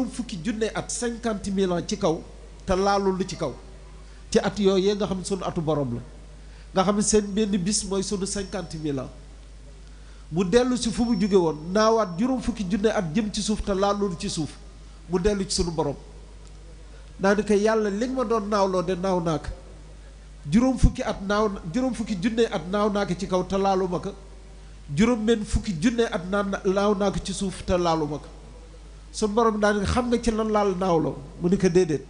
doon fukki junne at cinquante mille ci kaw te laalul lu ci kaw ci at yooyee nga xam ne sunu atu borom la nga xam ne seen benn bis mooy sunu cinquante mille ans mu dellu si fu mu jóge woon naawaat juróom fukki junne at jëm ci suuf te laalul ci suuf mu dellu ci sunu borom daanaka yàlla li nga ma doon naawloo de naaw naa ko juróom fukki at naaw juróom fukki junne at naaw naa ci kaw te laaluma ko juróom benn fukki junne at naaw naa ci suuf te laaluma ko su borom daan xam nga ci lan laal naawloo mu ni ko déedéet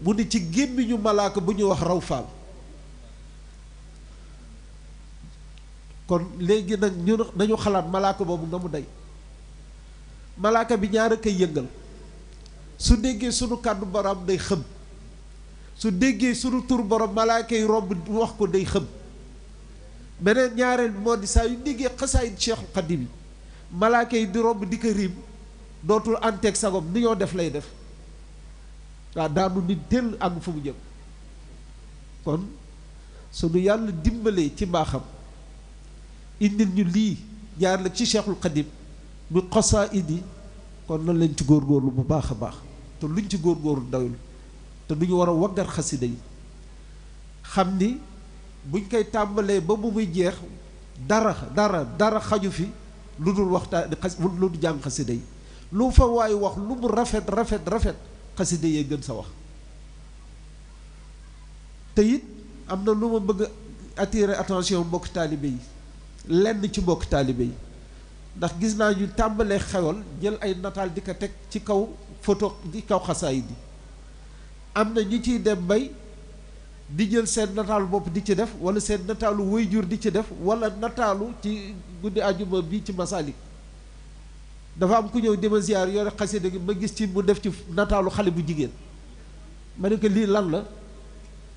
mu ni ci gémmiñu malaaka bu ñu wax raw faal kon léegi nag ñu nañu xalaat malaaka boobu nga mu day malaaka bi ñaar a koy yëngal su déggee sunu kàddu borom day xëm su déggee sunu tur borom malaaka yi romb wax ko day xëm beneen ñaareel bi di saa yu déggee xasaayit Cheikhul Xadim yi malaaka yi di romb di ko riim dootul anteeg sagom ni ñoo def lay def waaw daanu nit tëll àgg fu mu jëm kon sunu yàlla dimbalee ci mbaaxam indi ñu lii jaar la ci cheikhul xadim mu xosaa indi kon nan lañ ci góor góorlu bu baax a baax te luñ ci góor góorgóorlu dayul te duñu war a waggar xasida yi xam ni buñ koy tàmbalee ba mu muy jeex dara dara dara xaju fi lu dul waxtaan lu dul jàng xasida yi lu fa waay wax lu mu rafet rafet rafet xasida yee gën sa wax te am na lu ma bëgg attirer attention mbokk taalibe yi lenn ci mbokk taalibe yi ndax gis naa ñu tàmbalee xewal jël ay nataal di ko teg ci kaw foto di kaw xasaayid yi am na ñu ciy dem mbay di jël seen nataalu bopp di ci def walla seen nataalu waajur di ci def walla nataalu ci guddi àjjuma bi ci Masalik dafa am ku ñëw dema ziar yore xasida ma gis ci mu def ci nataalu xale bu jigéen ma ne ko lii lan la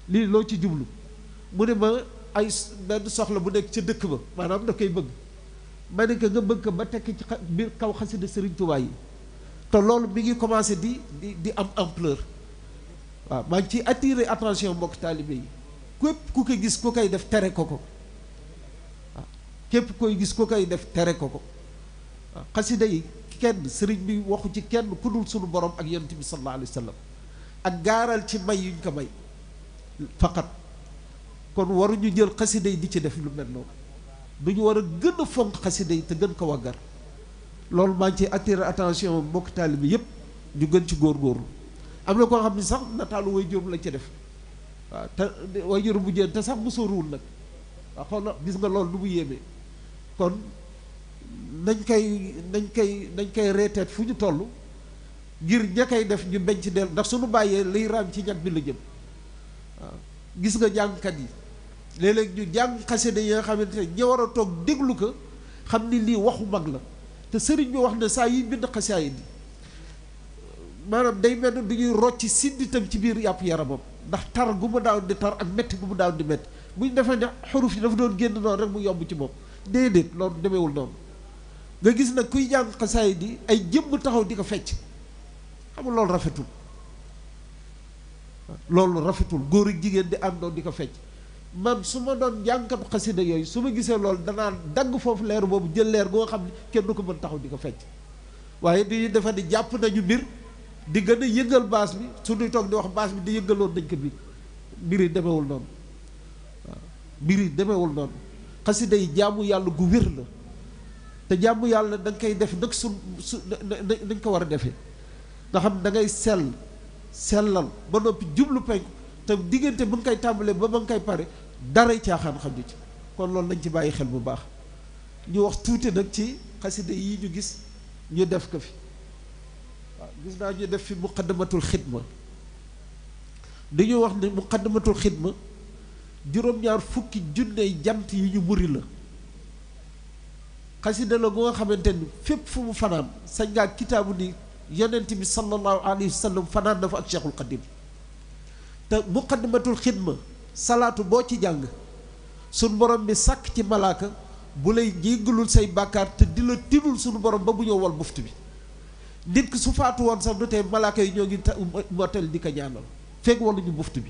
lii loo ci jublu mu ne ma ay benn soxla bu nekk ca dëkk ba maanaam da koy bëgg ma ne ko nga bëgg ko ba tekk ci biir kaw xasida Sëriñ Tuubaa yi te loolu mi ngi commencé di di di am empleur waa maa ci ciy attiré attention mbokk taalibe yi képp ku ko gis ku koy def tere ko ko képp koy gis ko koy def tere ko ko xasida yi kenn sëriñ bi waxu ci kenn ku dul sunu borom ak yent bi sallallahu alayhi wa sallam gaaral ci may yuñ ko may faqat kon waruñu jël xasida yi di ci def lu mel duñu war gën a fonk xasida yi te gën ko waggar loolu maa ci attirer attention mbokk taalibe bi yépp ñu gën ci góorgóorlu am na koo xam ne sax nataalu waajuram la ci def waaw te waajuram bu jën te sax mu sóoruwul nag waaw xool na gis nga loolu lu mu yéemee kon dañ koy dañ koy dañ koy reeteet fu ñu toll ngir ña koy def ñu bañ ci dellu ndax suñu bàyyee liy raam ci ñag bi la jëm waaw gis nga jàngkat yi léeg-léeg ñu jàng xasida yi nga xamante ne ñi war a toog déglu ko xam ni lii waxu mag la te sëriñ bi wax ne saa yi bind xasaayid yi maanaam day mel ne du ñuy rocci sidditam ci biir yàpp yaramam ndax tar gu mu daaw di tar ak métti gu mu daaw di métti bu ñu defee ne xuruf yi dafa doon génn noonu rek mu yomb ci moom déedéet loolu demewul noonu nga gis nag kuy jàng xasaay di ay jëmm taxaw di ko fecc xam loolu rafetul loolu rafetul góor ak jigéen di àndoon di ko fecc man su ma doon jàngkat xasida yooyu su ma gisee lool danaa dagg foofu leer boobu jël leer goo xam ne kenn du ko mën taxaw di ko fecc waaye dañuy defa di jàpp nañu mbir di gën a yëngal baas bi su ñuy toog di wax baas bi di yëngaloon nañ ko bi mbir demewul noonu waaw mbir yi demewul noonu xasida yi jaamu yàlla gu wér la te jàmm yàlla danga nga koy def nag su su dañ ko war a defee nga xam da ngay sell sellal ba noppi jublu penku te diggante ba nga koy tàmbalee ba ba nga koy pare daray caaxaan xam ñu ci kon loolu nañ ci bàyyi xel bu baax ñu wax tuuti nag ci xasida yi ñu gis ñu def ko fi waaw gis naa ñu def fi muqaddamatul xidma di ñu wax ne muqaddamatul xidma juróom-ñaar fukki junney jant yi ñu muri la xasida la gu nga xamante ni fépp fu mu fanaan sañ ngaa kitaabu ni yonent bi sallallahu alayhi wa sallam fanaan na fa ak cheikhul qadim salaatu boo ci jàng suñ borom bi sàkk ci malaaka bu lay jéggalul say bàkkaar te di la tinul suñu borom ba bu ñëw wal buft bi nit ki su faatu woon sax du tey malaaka yi ñoo ngi motel di ko ñaanal fekk waluñu buft bi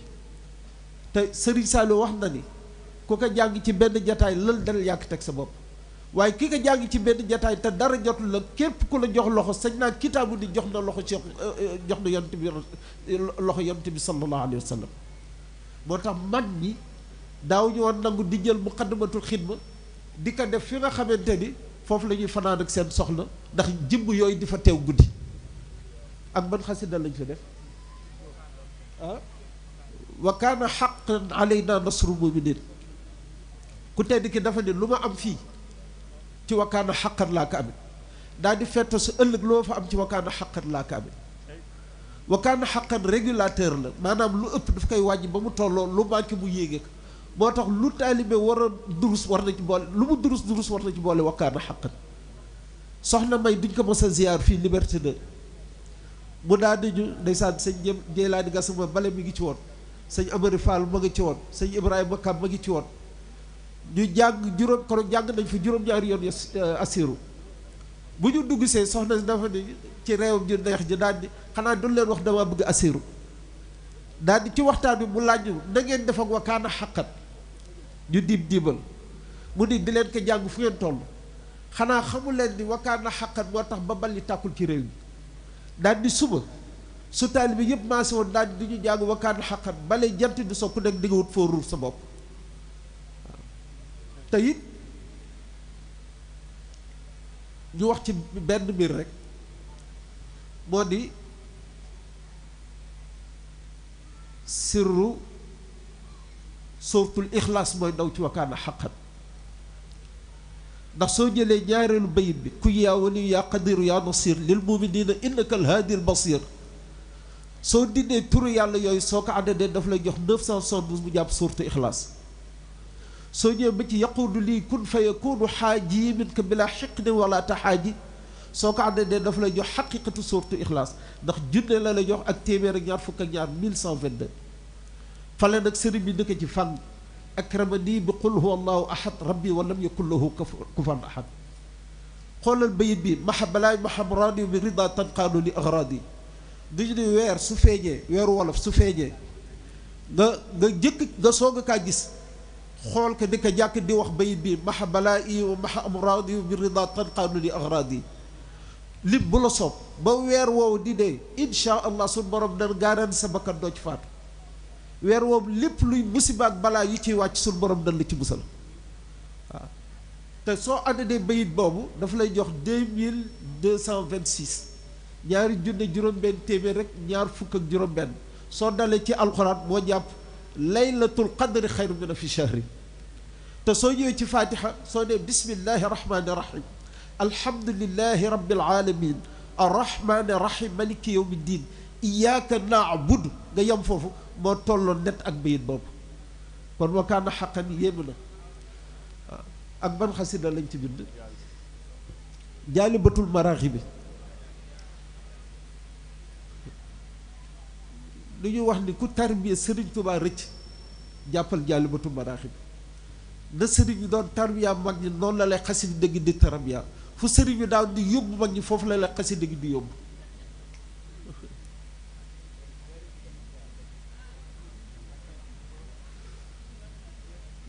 te Serigne Saliou wax na ni ku ko jàng ci benn jataay lël dal yàq teg sa bopp waaye ki nga jàng ci benn jataay te dara jotul la képp ku la jox loxo sañ naa kitaabu ni jox na loxo Cheikh euh, euh, jox na yonent bi loxo yonent bi sallallahu alayhi moo tax mag ñi daaw ñu nangu di jël muqaddamatul xidma di ko def fi nga xamante ni foofu lañuy fanaan ak seen soxla ndax jimb yooyu dafa fa teew guddi ak ban xasida lañ fa def ah wa kaana xaqan alayna nasru muminin ku tedd ki dafa ne lu ma am fii ci wakkaana xaqat laa ka amit daal di fetta su ëllëg loo fa am ci wakkaana xaqat laa ka amit wakkaana xaqan régulateur la maanaam lu ëpp daf koy wàññi ba mu tolloo lu manqué mu yéege ko moo tax lu taalibe war a durus war na ci boole lu mu durus durus war na ci boole wakkaana xaqan soxna may duñ ko mos a ziyaar fii liberté de mu daal di ñu ndeysaan sëñ jëm Jeylaani Gasama bale mi ngi ci woon sëñ Amari Fall ma ngi ci woon sëñ Ibrahima Kam ma ngi ci woon ñu jàng juróom koro jàgg nañ fa juróom-ñaari yoon euh, assiru bu ñu dugg see soxna si dafa ne ci réewam ju neex ji daal xanaa du leen wax dama bëgg assiru daal di ci waxtaan bi mu laaj na ngeen def ak wakaana xaqat ñu diib diibal mu ni di leen ko jàng fu ngeen toll xanaa xamu di ni wakaana xaqat moo tax ba balli tàkkul ci réew mi daal di suba su bi yëpp maase woon daal di ñu jàng wakaana xaqat bale jant di sokku nekk di nga wut foo ruur sa bopp te it ñu wax ci benn mbir rek moo di sirru sootul ixlaas mooy daw ci wakaana xaqan ndax soo jëlee ñaareelu bayit bi ku yaa waliyu yaa qadiru yaa nasir lil muminina innaka alhaadil basir soo dindee turu yàlla yooyu soo ko àndadee daf lay jox 972 mu jàpp suurtu ixlaas soo ñëwee ba ci yaquudu lii kun fa yakunu xaaji min ka bila xiqnin wala taxaaji soo ko àndee ne dafa lay jox xaqiqatu suurtu ixlaas ndax junne la la jox ak téeméer ak ñaar fukk ak ñaar 1122 fale nag sëriñ bi dëkk ci fan akramani bi qul huwa allahu ahad rabbi wa lam yakun lahu kufan ahad xoolal bayit bi maxa balaay maham rani bi rida tanqaanu li agradi duñu ne weer su feeñee weeru wolof su feeñee nga nga jëkk nga soog a kaa gis xool ko di ko jàkk di wax bayit bi maxa balaa i wa maxa amraad yi bi rida tanqaanu li axraad yi lim bu la soob ba weer woowu di dee insha allah suñ borom dana gaaraan sa bakkan doo ci weer woowu lépp luy musiba ak balaa yu ci wàcc suñ borom dan la ci musal te soo àndadee bayit boobu dafa lay jox deux mille deux cent vingt six ñaari junne juróom-benn téeméer rek ñaar fukk ak juróom-benn soo dalee ci alxuraan moo jàpp laylatul qadri xayru min fi shahri te soo ñëwee ci fatiha soo nee bismillahi rahmaani rahim alhamdulillahi rabbil alamin arrahmaani rahim maliki yawmi diin iyyaka na'budu nga yem foofu moo tolloon net ak bayit boobu kon wa kaana xaqan yéemu na ak ban xasida lañ ci bind jaalibatul maraaxi bi lu ñuy wax ni ku tarbiya Sëriñ Tuubaa rëcc jàppal jaalibatul maraaxi bi na sëriñ bi doon tarbiya mag ñi noonu la lay xasida dëgg di tarbiya fu sëriñ bi daaw di yóbbu mag ñi foofu la lay xasida dëgg di yóbbu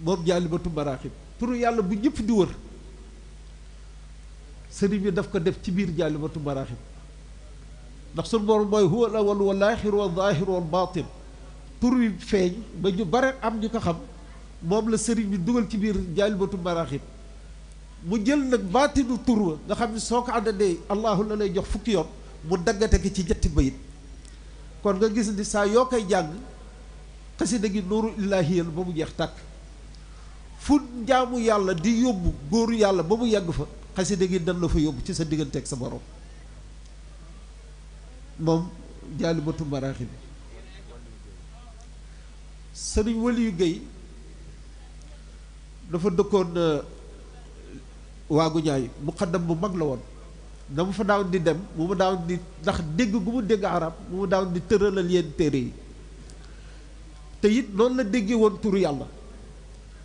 moom jaalibatu maraaxib pour yàlla bu ñëpp di wër sëriñ bi daf ko def ci biir jaalibatu maraaxib ndax suñu borom mooy huwa al wal aaxir wal baatin tur feeñ ba ñu bare am ñu ko xam moom la sëriñ bi dugal ci biir jaalibatu maraaxib mu jël nag baatinu tur wa nga xam ne soo ko àndandee allahu la lay jox fukki yoon mu daggate ki ci ñetti bayit kon nga gis ni saa yoo koy jàng xasida gi nuuru ilaahiyal ba mu jeex tàkk fu njaamu yàlla di yóbbu góor yàlla ba mu yàgg fa xasida gi nan la fa yóbbu ci sa digganteeg sa borom moom jaalibatu maraaxib sëriñ Waliyu Géey dafa dëkkoon euh, waagu ñaay muqaddam bu mag la woon na mu fa daaw di dem mu mu daaw di ndax dégg gu mu dégg arab mu mu daaw di tëralal yenn téere yi te it noonu la déggee woon turu yàlla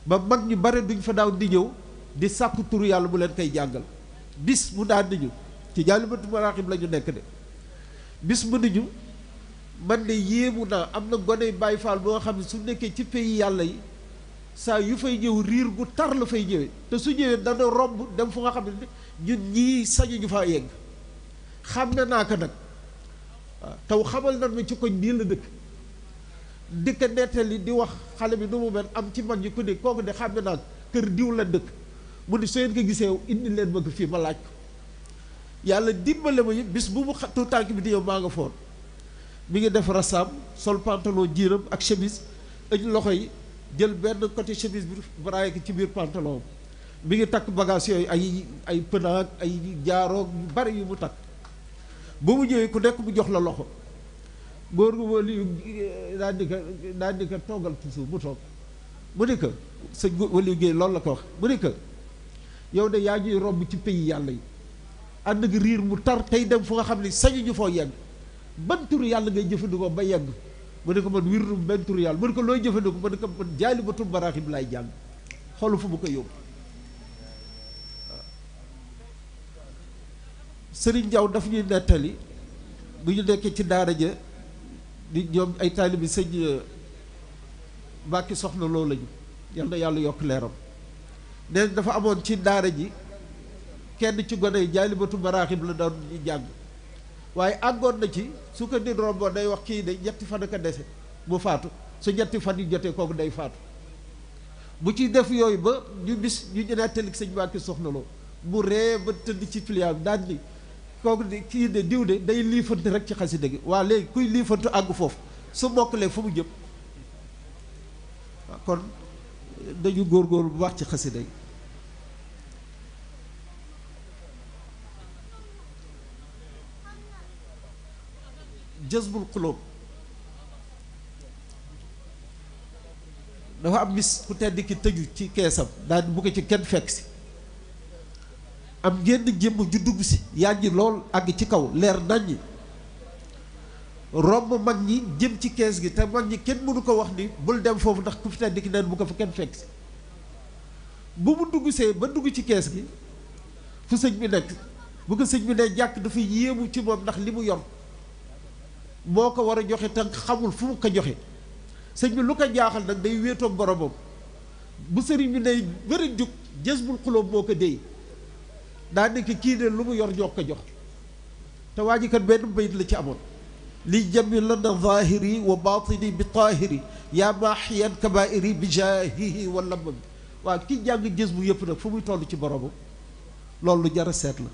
ba mag ñu bare duñ fa daaw di ñëw di sàkku turu yàlla mu leen koy jàngal bis mu daan di ñu ci jaalibatu maraaxib la ñu nekk de bis mu ñu man de yéemu naa am na gone Baay Faal boo xam ne su nekkee ci pays yàlla yi saa yu fay ñëw riir gu tar la fay ñëwee te su ñëwee dana robb dem fu nga xam ne ñun ñii sañu ñu faa naa ko nag waaw ah, taw xamal na ma ci koñ bii la dëkk di ko nettali di wax xale bi nu mu mel am ci mag ñi ku ne kooku de xam ne naa kër diw la dëkk mu ne su ngeen ko gisee indi leen ma ko fii ma laaj ko yàlla dimbale ma bis bu mu xatu tànk bi di yow maa nga foon mi ngi def rasaam sol pantalon jiiram ak chemise ëñ loxo yi. jël benn côté chemise bi braay ko ci biir pantalon bi ngi takk bagage yooyu ay ay pënaak ay jaaroog bari yu mu takk ba mu ñëwee ku nekk mu jox la loxo góor gu ma liyu eh, daan di mu toog mu ne que sëñ géey loolu la ko wax mu ne yow de yaa ñuy romb ci pays yàlla yi ànd ak riir mu tar tey dem fu nga xam ni sañu ñu foo yegg ban turu yàlla ngay jëfandikoo ba yegg mu ne ko man wirdu benn tur yàlla mu ne ko looy jëfandiku mu ne ko man jaalibatul maraaxib laay jàng xoolu fu mu ko yóbbu sëriñ Jaw dafa ñuy nettali bu ñu nekkee ci daara ja nit ñoom ay taalibi sëñ eh, Mbàkke soxna loolu lañu yal yàlla yokk leeram nee dafa amoon ci daara ji kenn ci gone yi jaalibatu maraaxib la doon jàng waaye àggoon na ci su ko nit rombo day wax kii de ñetti fan ak a dese mu faatu su ñetti fan yu jotee kooku day faatu bu ci def yooyu ba ñu bis ñu ñu nettali sëñ Mbàkke Soxna Lo mu ree ba tëdd ci pliam daan ni kooku de kii de diw de day liifante rek ci xasida gi waa léegi kuy liifantu àgg foofu su mokkalee fu mu jëm kon dañu góorgóorlu bu baax ci xasida yi jazbul xulóob dafa am bis ku tedd ki tëju ci keesam daal bu ci kenn fekk si am génn jëmm ju dugg si yaa ngi lool àgg ci kaw leer naññi romb mag ñi jëm ci kees gi te mag ñi kenn mënu ko wax ni bul dem foofu ndax ku fi tedd ki neen bu ko kenn fekk si bu mu dugg see ba dugg ci kees gi fu sëñ bi nekk bu ko sëñ bi ne jàkk dafa yéemu ci moom ndax li mu yor moo ko war a joxe te xamul fu mu ko joxe sëñ bi lu ko jaaxal nag day wéetoog boromam bu sëriñ bi day bëri jug jës bul xulóom moo ko déy daa nekk kii ne lu mu yor ñoo ko jox te waa ji kat benn bayit la ci amoon li jami na zahiri wa batini bi tahiri yaa maaxiyan kabairi bi jaahihi wa lamam waa ki jàng jës bu yëpp nag fu muy toll ci boromam loolu lu jar a seet la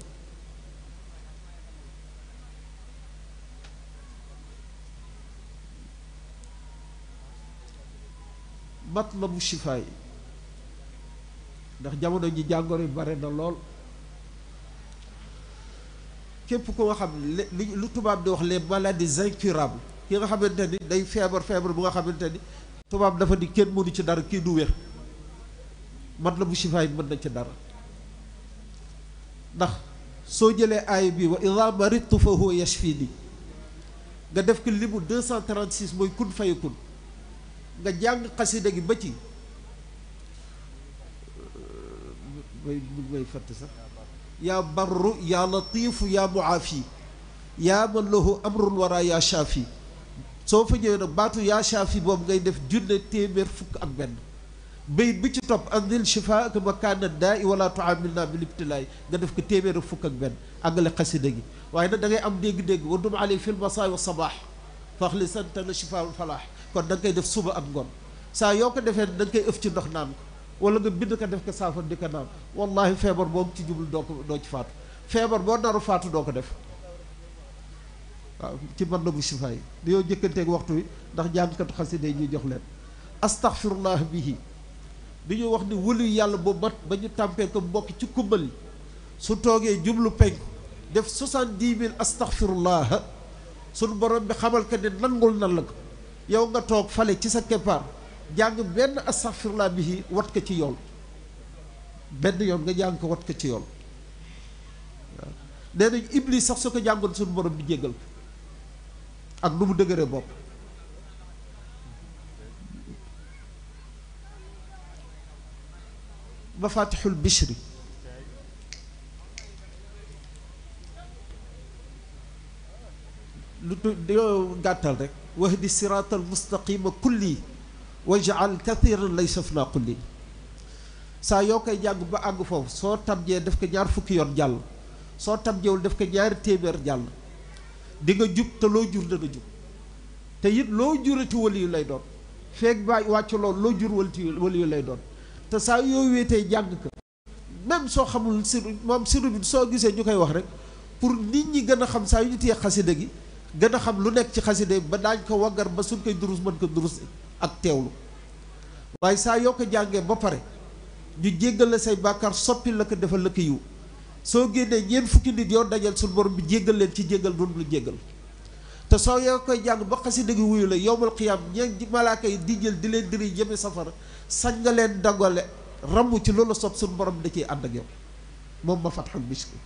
matlabu bu yi ndax jamono ji jàngoro yu bare na lool képp ko nga xam li lu tubaab di wax les maladies incurables ki nga xamante ni day feebar feebar bu nga xamante ni tubaab dafa ni kenn mënu ci dara kii du wér la bu yi mën na ci dara ndax soo jëlee aay bi wa idha maridtu fa huwa yashfini nga def ko limu 236 mooy kun fayakun nga jàng xasida gi ba ci may may fàtte sax yaa barru yaa latiifu yaa muaafi yaa man lahu amrul wara yaa shaafi soo fa ñëwee nag baatu yaa shaafi boobu ngay def junne téeméer fukk ak benn bayit bi ci topp andil shifaak makaana daa i wala tuamil naa bi libtilaay nga def ko téeméer ak fukk ak benn àggale xasida gi waaye nag da am dégg-dégg wa dum ali fil masaa wa sabaax faxli santana shifaul falaax kon da nga koy def suba ak ngoon saa yoo ko defee da nga koy ëf ci ndox naan ko wala nga bind ko def ko saafara di ko naan wallahi feebar boo ci jublu doo ko doo ci faatu feebar boo naru faatu doo ko def waaw ci mën nagu sifa yi dañoo jëkkanteeg waxtu wi ndax jàngkatu xasida yi ñuy jox leen astaxfirullah bihi di ñu wax ni wëlu yàlla bu mat ba ñu tàmpee ko mbokk ci kumbal yi su toogee jublu penku def soixante-dix mille astaxfirullah suñu borom bi xamal ko ne nangul nan la yow nga toog fale ci sa keppaar jàng benn astaghfirullah bihi wat ko ci yool benn yoon nga jàng ko wat ko ci yool waaw nee nañ iblis sax su ko jàngoon suñu borom di jéggal ko ak nu mu dëgëree bopp mafatixul bichri lu tu gàttal rek wax di wahdi siraata almustaqima kulli wajal kathiran lay funa kulli saa yoo koy jàng ba àgg foofu soo tabjee def ko ñaar fukki yoon jàll soo tabjeewul daf ko ñaari téeméer jàll di nga jub te loo jur dana jub te it loo jurati waliyu lay doon feeg ba wàcc loolu loo jur walti waliyu lay doon te saa yoo wéetee jàng ka même soo xamul sir moom sirubin soo gisee ñu koy wax rek pour nit ñi gën a xam saa yu ñu téye xasida gi gën a xam lu nekk ci xasida ba daañ ko waggar ba suñ koy durus mën ko durus ak teewlu waaye saa yoo ko jàngee ba pare ñu jéggal la say bàkkaar soppi la ko defal la ko soo génnee ñeent fukki nit yoo dajal suñ borom bi jéggal leen ci jéggal doon lu jéggal te soo yoo koy jàng ba xasida gi wuyu la yowmal xiyaam ñeenti malaaka yi di jël di leen diri jëme safara sañ nga leen dangale ramm ci loolu sopp suñ borom da ciy ànd ak yow moom ma fatxul miski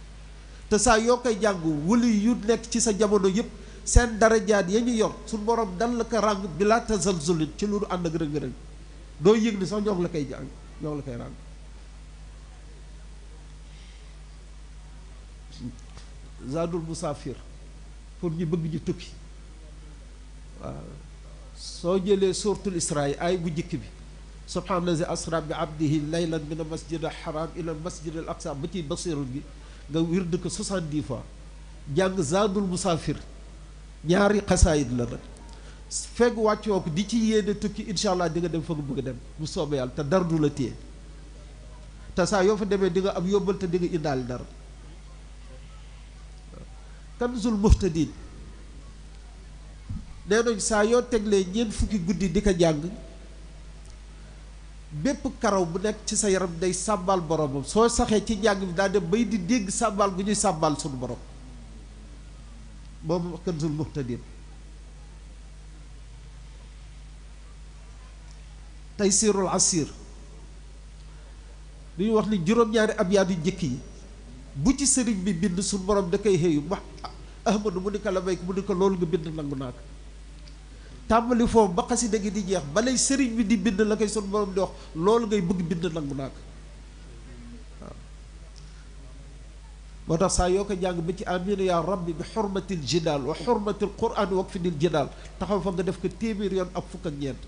saa yoo koy jàng wuli yu nekk ci sa jamono yëpp seen darajaat ya ñu yor su borom dan la ko ràng bi laa tazalzulin ci lu ànd ak rëng-rëng doo yëg ni sax ñoo la koy jàng ñoo la koy ràng zadul musaafir pour ñu bëgg ñu tukki soo jëlee suuratul isra yi ay bu njëkk bi subhaanallazi asra bi abdihi laylan min al masjid al haram ila al masjid al aqsa ba ci basirul bi nga wird dëkk soixante di fois jàng zadul musaafir ñaari xasaayit la rek fekk wàccoo ko di ci yéene tukki incha allah dem fa nga bëgg a dem bu soobee yàlla te dara du la téye te saa yoo fa demee dinga nga am yóbbal te di nga indaale dara kanzul muhtadin nee nañ saa yoo teglee ñeent fukki guddi di ko jàng bépp karaw bu nekk ci sa yaram day sàbbal boromam soo saxee ci njàng bi daal dem bay di dégg sàbbal bu ñuy sàbbal sunu borom boobu Kanzul Muhtadir Taysirul Asir li ñu wax ni juróom-ñaari abyaat yu jëkk yi bu ci sëriñ bi bind suñu borom da koy xëyu wax ahmadu mu ni ko la may mu ni loolu nga bind nangu naa ko tàmbali foofu ba xasida gi di jeex balay sëriñ bi di bind la koy suñu borom di wax loolu ngay bëgg bind nangu naa ko moo tax saa yoo ko jàng ba ci aminu yaa rabbi bi xurmatil jidal wa xurmatil quran wak fi nil jidal taxaw fa nga def ko téeméer yoon ak fukk ak ñeent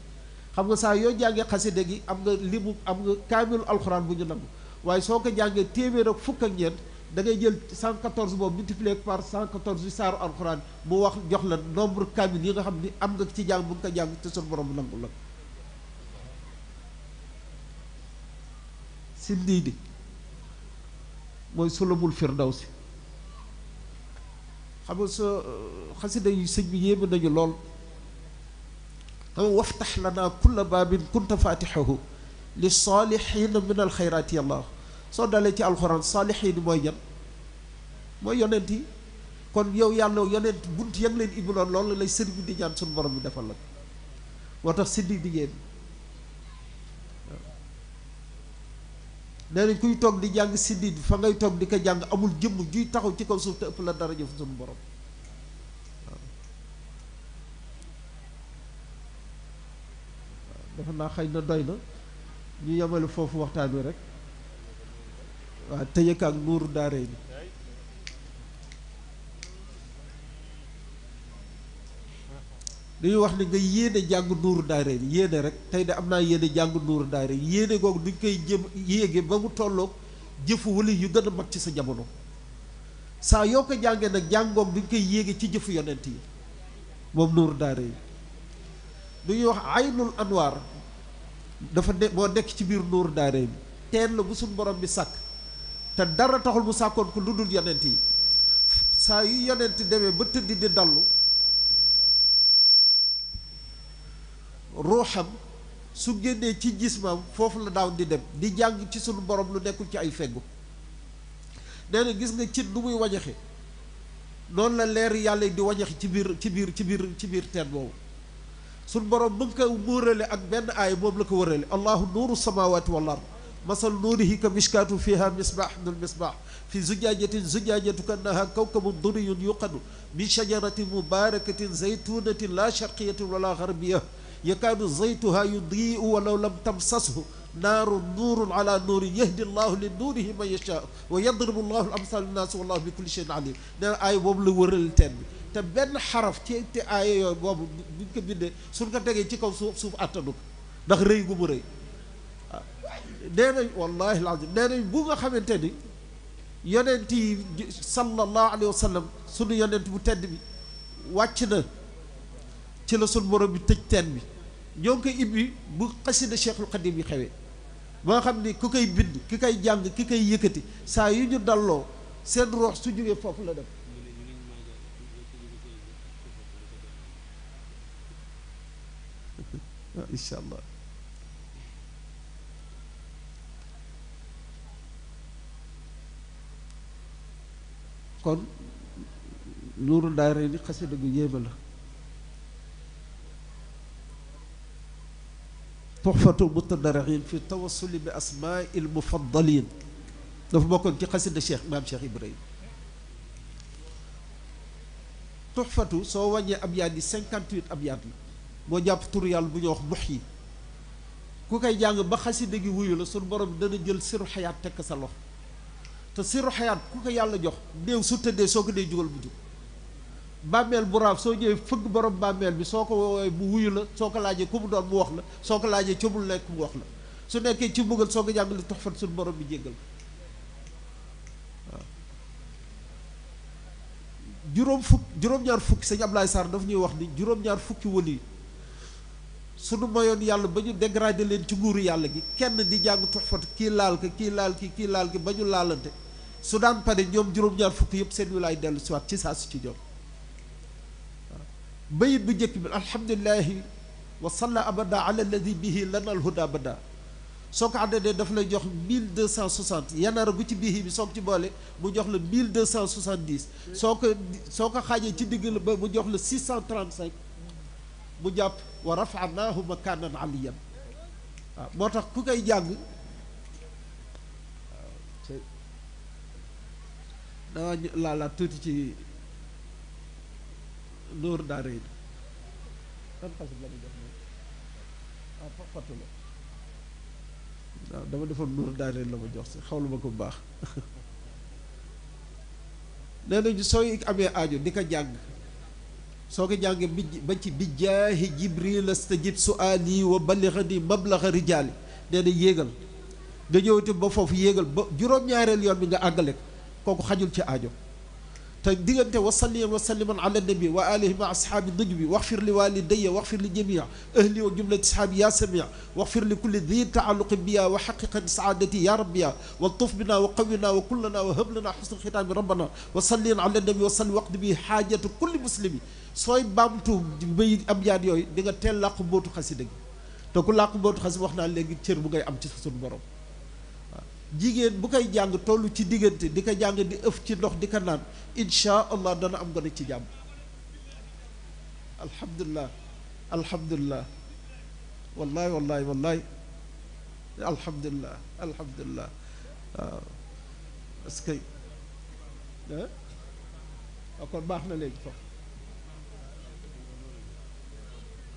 xam nga saa yoo jàngee xaside gi am nga limu am nga kaamilu alxuraan bu ñu nangu waaye soo ko jàngee téeméer ak fukk ak ñeent da ngay jël 114 boobu multiplié par 114 yu saaru alxuraan mu wax jox la nombre kaamil yi nga xam ni am nga ci jàng bu nga ko jàng te sun borom nangu la sindiidi mooy sulubul firdawsi xam nga sa euh, xasida yu sëñ bi yéeme nañu lool xam nga waftax lana kulla baabin kunta faatixahu li saalixiina min alxayraati yàlla soo dalee ci alxuraan saalixiin mooy ñan mooy yonent yi kon yow yàlla yonent bunt ya nga leen ibbiloon loolu lay sëriñ di ñaan suñu borom bi defal la moo tax siddiq di ngeen nee nañ kuy toog di jàng siddiit fa ngay toog di ko jàng amul jëmm juy taxaw ci kaw suuf te ëpp la dara jëf suñu borom waaw defe naa xëy na doy na ñu yemale foofu waxtaan wi rek waaw tëjëk ak nuuru daaree ni dañuy wax ni nga yéene jàng nuuru daayira yéene rek tey de am naa yéene jàng nuuru daayira yéene googu duñ koy jëm yéege ba mu tolloog jëfu wali yu gën a mag ci sa jamono saa yoo ko jàngee nag jàngoom duñ koy yéege ci jëfu yonent yi moom nuuru daayira yi duñuy wax aynul anwaar dafa ne moo nekk ci biir nuuru daayira bi teen la bu borom bi sàkk te dara taxul mu sàkkoon ko lu dul yonent yi saa yu yonent demee ba tëdd di dallu ruuxam su génnee ci jismam foofu la daaw di dem di jàng ci sunu borom lu nekkul ci ay feggu nee na gis nga cin lu muy wañaxe noonu la leer yàlla di wañaxe ci biir ci biir ci biir ci biir teen boobu sunu borom mu ko muurale ak benn aaya moom la ko wërale allahu nuuru samawati wal ard masal nuurihi ka mishkaatu fiha misbah nul misbah fi zujaajatin zujaajatu kannaha kawkabun duriyun yuqadu min shajaratin mubarakatin zaytunatin la sharqiyatin wala garbiya yakaadu zaytuha yudii'u walaw lam tamsashu naaru nuurun ala nuurin yahdi llahu li nuurihi man yashaa wa yadribu llahu al-amthal linnaasi wallahu bi kulli shay'in alim nee na aaya boobu la wërali teen bi te benn xaraf ci te aaya yooyu boobu buñ ko bindee suñ ko tegee ci kaw suuf suuf attanu ko ndax rëy gu mu rëy nee nañ wallahi alazim nee nañ bu nga xamante ni yonent yi sallallahu alayhi wa sallam sunu yonent bu tedd bi wàcc na ci la sunu borom bi tëj teen bi ñoo ngi koy ibbi bu xasida Cheikhul Xadim yi xewee ba xam ni ku koy bind ki koy jàng ki koy yëkkati saa yu ñu dalloo seen roox su jógee foofu la dem ah, incha allah kon nuuru daara ni xasida gu yéeme la tuxfatu mutadarixin fi tawassuli bi asmail mufaddalin dafa bokkoon ci xasida cheikh maam cheikh ibrahim tuxfatu soo wàññee ab yaat yi cinquante-huit ab yaat moo jàpp tur yàlla bu ñuy wax mux yi ku koy jàng ba xasida gi wuyu la suñu borom dana jël siru xayaat tekk sa lox te siru xayaat ku ko yàlla jox new su tëddee soo ko dee jugal bu jug bàmmeel bu raaf soo ñëwee fëgg borom bàmmeel bi soo ko woowee mu wuyu la soo ko laajee ku mu doon mu wax la soo ko laajee ci mu nekk mu wax la su nekkee ci mbugal soo ko jàngale tax fan suñu borom bi jéggal waaw juróom fukki sëñ Ablaye daf ñuy wax ni juróom-ñaar fukki wël yi suñu mayoon yàlla ba ñu dégradé leen ci guur yàlla gi kenn di jàng tuxfat kii laal ki kii laal ki kii laal ki ba ñu laalante su daan pare ñoom juróom-ñaar fukki yëpp seen wilaay dellu siwaat ci saa su ci ñoom bayit bu jëkk bi alhamdulilahi wa salla abada ala alladi bihi lana alhuda bada soo ko àddee daf lay jox mille deux cent soixante yanaara gu ci bihi bi soo ko ci boole mu jox la mille deux cent soixante soo ko soo ko xaajee ci digg ba mu jox la six cent trente cinq mu jàpp wa rafanaahu makaanan aliyan waaw moo tax ku koy jàng waaw dama laalaat tuuti ci dóor daa rëy na waaw dama defoon nuur daaneel la ma jox si xawlu ma ko bu baax nee nañu sooy amee aajo di ko jàng soo ko jàngee bij ba ci bijjaahi jibril su suaali wa balixani mablaxa rijaali nee na yéegal nga ñëwati ba foofu yéegal ba juróom-ñaareel yoon bi nga àggale ko kooku xajul ci ajo te diggante wasalliyan wasalliman ala nabi wa alihi ashaabi najbi waxfir li walidaya waxfir li jamia ahli wa jumlati ashaabi ya samia waxfir li kulli di taalluqi biya wa xaqiqati saadati ya rabbiya waltuf bina wa qawina wa kullana wa hablana xusnal xitaami rabbana wasalliyan ala nabi wa salli waqdi bi xaajatu kulli muslimi sooy baamtu bay am yaat yooyu di nga teel làqu mbootu xasida gi te ku làqu mbootu xasida wax naa léegi cër bu ngay am ci suñu borom jigéen bu koy jàng tollu ci diggante di ko jàng di ëf ci ndox di ko naan insha allah dana am gone ci jàmm alhamdulilah alhamdulilah wallaay wallaay wallaay alhamdulilah alhamdulilah waaw parce que baax na léegi foofu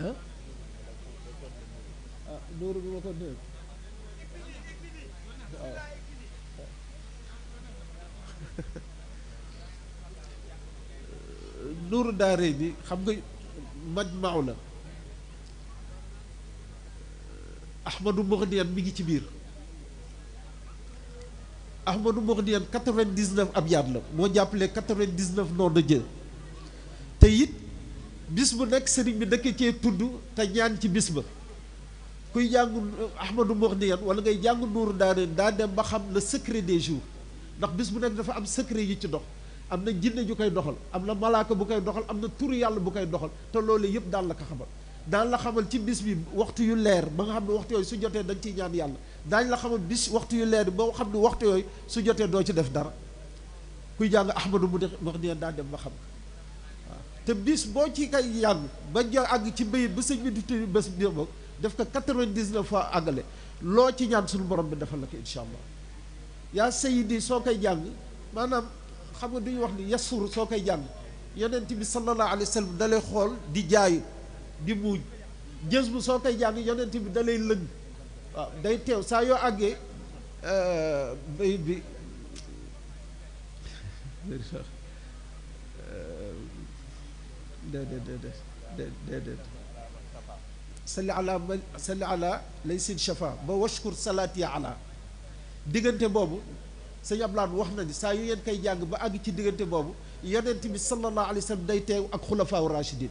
ah Nourou bi ma ko néew nuuru daaree ni xam nga majmaaw la ahmadu moxniyan mi ngi ci biir ahmadu moxniyan quatre-vingt-dix-neuf ab yaat la moo jàppale quatre-vingt-dix-neuf noon jë te it bis bu nekk sëriñ bi dëkk cee tudd te ñaan ci bis ba kuy jàng ahmadou moxniyan wala ngay jàng nuuru daaneen daa dem ba xam la secret des jour ndax bis bu nekk dafa am secret yi ci dox am na jinne ju koy doxal am na malaaka bu koy doxal am na turu yàlla bu koy doxal te loolu yëpp daan la ko xamal daan la xamal ci bis bi waxtu yu leer ba nga xam ne waxtu yooyu su jotee da ciy ñaan yàlla daañ la xamal bis waxtu yu leer ba xam ne waxtu yooyu su jotee doo ci def dara kuy jàng ahmadou mu de moxniyan daa dem ba xam waaw te bis boo ci kay yàgg ba jo àgg ci mbéyit ba sëñ bi du bés bés def ko 99 fois àggale loo ci ñaan suñu borom bi defal la ko incha allah yaa sayidi soo koy jàng maanaam xam nga duñu wax ni yasur soo koy jàng yonent bi sallallahu alayhi wa sallam dalay xool di jaayu di muuñ jës bu soo koy jàng yonent bi dalay lëng waaw day teew saa yoo àggee euh, bay bi déedéet déedéet déedéet salli ala salli ala lay sin shafa ba washkur salaati ala diggante boobu sëñ Ablaan wax na ni saa yu yéen kay jàng ba àgg ci diggante boobu yonent bi sallallahu alayhi wa sallam day teew ak xulafaawu rachidin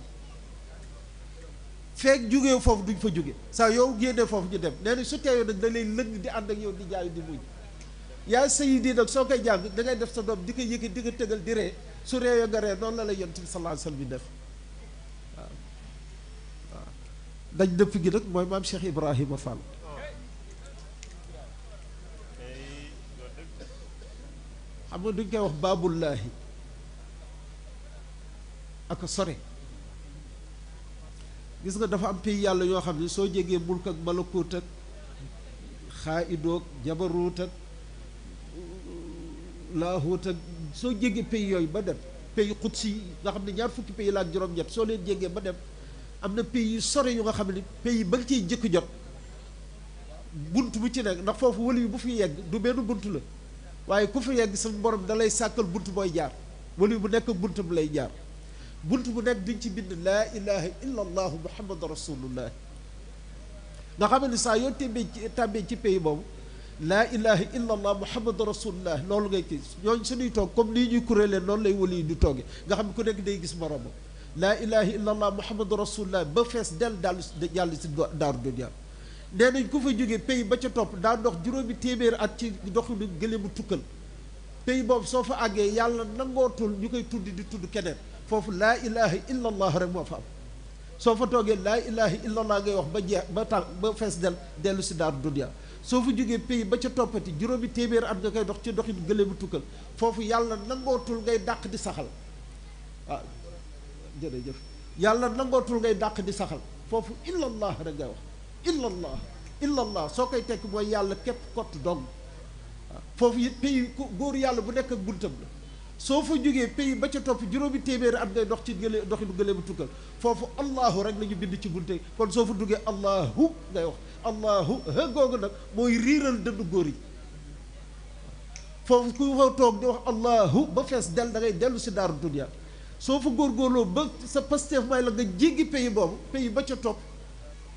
feek jógee foofu duñ fa jóge saa yow génnee foofu ñu dem nee su teeyoo nag da lay lëng di ànd ak yow di jaayu di muñ yaa sayidi nag soo koy jàng da def sa doom di ko yëkki di ko tëgal di ree su reeyoo nga ree noonu la lay yonent bi sallallahu alayhi wa sallam def daj dëpp gi nag mooy maam Cheikh Ibrahima Fall xam nga duñ koy wax baabullaahi ak sore gis nga dafa am pays yàlla yoo xam ne soo jegee mulk ak malakuut ak xaa idoog jabaruut ak laahuut ak soo jegee pays yooyu ba dem pays xut si nga xam ne ñaar fukki pays la ak juróom-ñett soo leen jegee ba dem am na pays yu sore yu nga xam ne pays ba nga ciy jëkk jot bunt bu ci nekk ndax foofu wëlu yu bu fi yegg du benn bunt la waaye ku fi yegg sa borom dalay sàkkal bunt booy jaar wëlu yu bu nekk bunt bu lay jaar bunt bu nekk di ci bind laa ilaha illa allahu muhammadu rasulullah nga xam ne saa yoo témbee ci tàmbee ci pays boobu laa ilaha illa allah muhammadu rasulullah loolu ngay kii ñooñ suñuy toog comme nii ñuy kuréel leen noonu lay wëlu yu di toogee nga xam ne ku nekk day gis moromam laa ilaha illa allah muhammadu rasulullah ba fees del dal jàll si daaru dunya nee nañ ku fa jógee pays ba ca topp daa dox juróomi téeméer at ci doxinu gëléemu tukkal pays boobu soo fa àggee yàlla nangootul ñu koy tudd di tudd keneen foofu laa ilaha illa allah rek moo fa am soo fa toogee laa ilaha illa allah ngay wax ba jeex ba tax ba fees del dellu si daaru dunya soo fa jógee pays ba ca toppati juróomi téeméer at nga koy dox ci doxinu gëléemu tukkal foofu yàlla nangootul ngay dàq di saxal jërëjëf yàlla nangootul ngay dàq di saxal foofu illallah rek ngay wax illallah illallah soo koy tekk mooy yàlla képp kott dong foofu it pays góor yàlla bu nekk ak buntam la soo fa jógee pays ba ca topp juróomi téeméeri at ngay dox ci gële doxinu gële bu tukkal foofu allahu rek la ñu bind ci bunte kon soo fa duggee allahu ngay wax allahu ha googu nag mooy riiral dëndu góor yi foofu ku fa toog di wax allahu ba fees del da ngay dellu si daaru soo fa góorloo ba sa Pastef may la nga jéggi pays boobu pays ba ca topp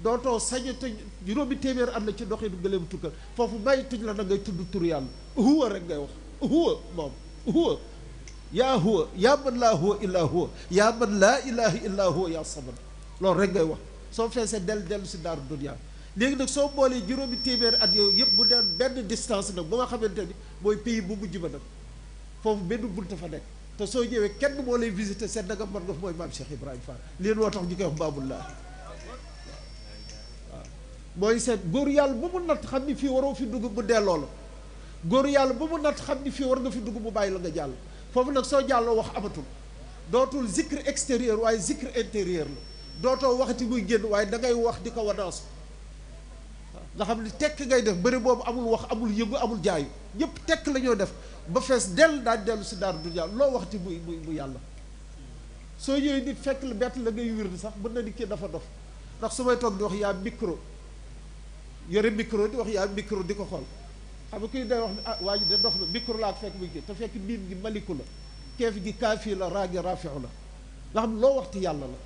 dootoo sañ te juróomi téeméer am na ci doxinu gëleemu tukkal foofu bàyyi tuñ la da ngay tudd tur yàlla huwa rek ngay wax huwa moom huwa yaa huwa yaa man laa huwa illaa huwa yaa man laa ilaaha loolu rek ngay wax soo feesee del dellu si daaru dunya léegi nag soo boolee juróomi téeméer at yooyu yëpp mu deen benn distance nag ba nga xamante ni mooy pays bu mujj ba nag foofu benn bunta fa nekk te soo ñëwee kenn moo lay visité seet na nga mën nga mooy maam Cheikh Ibrahima Fall leen woo tax ñu koy wax Baabullah waaw mooy seet góor yàlla bu mu natt xam ni fii waroo fi dugg mu delloo la góor yàlla bu mu natt xam ni fii war nga fi dugg mu bàyyi la nga jàll foofu nag soo jàlloo wax amatul dootul zikr extérieur waaye zikr intérieur la dootoo waxati muy génn waaye da ngay wax di ko wanaasu nga xam ni tekk ngay def bari boobu amul wax amul yëngu amul jaayu yëpp tekk lañoo def ba fees dell daal dellu si daaru dunya loo wax ci muy muy mu yàlla soo ñëwee nit fekk la bett la ngay wird sax mën na ni dafa dof ndax su may toog di wax yaa micro yore micro di wax yaa micro di ko xool xam nga kuy day wax ne ah waa ji de dox na micro laa fekk muy kii te fekk miim gi maliku la keef gi kaafi la raa gi la nga xam loo waxti ci yàlla la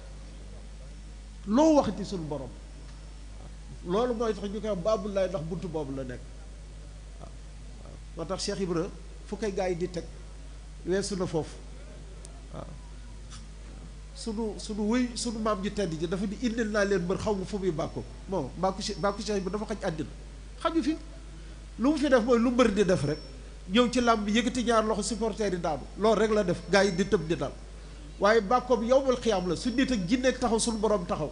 loo wax ci suñu borom loolu mooy tax ñu koy wax baabul laay ndax buntu boobu la nekk moo tax Cheikh Ibra fu koy gars yi di teg weesu na foofu waaw sunu sunu wëy sunu maam ji tedd ji dafa di indil naa leen mbër xaw ma fu muy bàkku bon bàkku bàkku Cheikh Ibra dafa xaj àddina xaju fi lu mu fi def mooy lu mbër di def rek ñëw ci làmb yëkkati ñaar loxo supporters yi daanu loolu rek la def gaa yi di tëb di dal waaye bàkkoom yowmal xiyaam la su nit ak jinne taxaw sunu boroom taxaw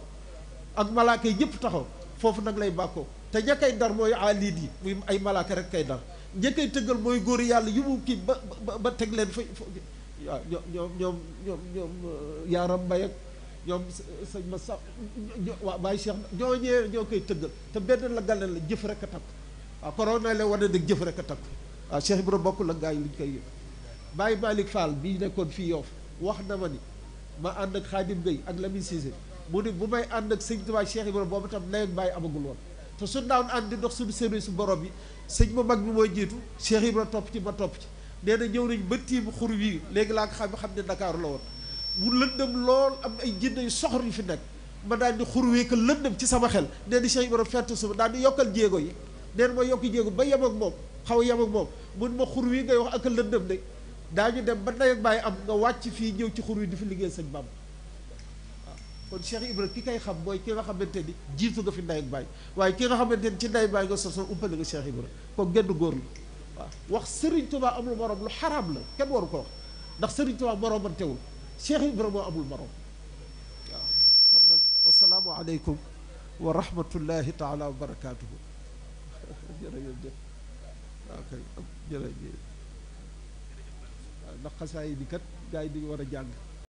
ak malaaka yi ñëpp taxaw foofu nag lay bàkkoo te ña koy dar mooy aliit yi muy ay malaaka rek kay dar ña koy tëggal mooy góor yàlla yu mu kii ba ba ba teg leen fa waaw ñoom ñoom euh, yaaram mbay ak ma sa waa baay Cheikh ñoo ñëwee ñoo koy tëggal te benn la galen la jëf rek a takk waaw korona la wane nag jëf rek a takk waaw Cheikh Ibra bokk la gaa yi lu ñu koy yëg Baye Malick Fall bi nekkoon fii Yoff wax na ma ni ma ànd ak Khadim Gueye ak Lamine Cissé mu ni bu may ànd ak sëñ Tuubaa Cheikh Ibrahima boobu tam ndey ak baay amagul woon te su daan ànd di dox suñu service su borom yi sëñ bu mag mi mooy jiitu Cheikh Ibrahima topp ci ma topp ci nee na ñëw nañ ba tiim xur wii léegi laa ko xam xam ne ndakaaru la woon mu lëndëm lool am ay jinne yu soxor yu fi nekk ma daal di xur wii que lëndëm ci sama xel nee na Cheikh Ibrahima fett suma daal di yokkal jéego yi nee mooy ma yokki jéego ba yem ak moom xaw a yem ak moom mun ma xur wii ngay wax ak lëndëm de daañu dem ba ndey baay am nga wàcc fii ñëw ci xur wi di fi liggéey sëñ Bamba kon Cheikh Ibra ki kay xam mooy ki nga xamante ni jiitu nga fi ndey baay waaye ki nga xamante ni ci ndey baay nga sosoon umpale nga Cheikh Ibra ko genn góor la waaw wax Serigne Touba amul morom lu xaraam la kenn waru ko ndax Serigne Touba moromantewul Cheikh Ibra moo amul morom waaw kon nag wasalaamu aleykum ndax xasaa yi kat gars yi war a jàng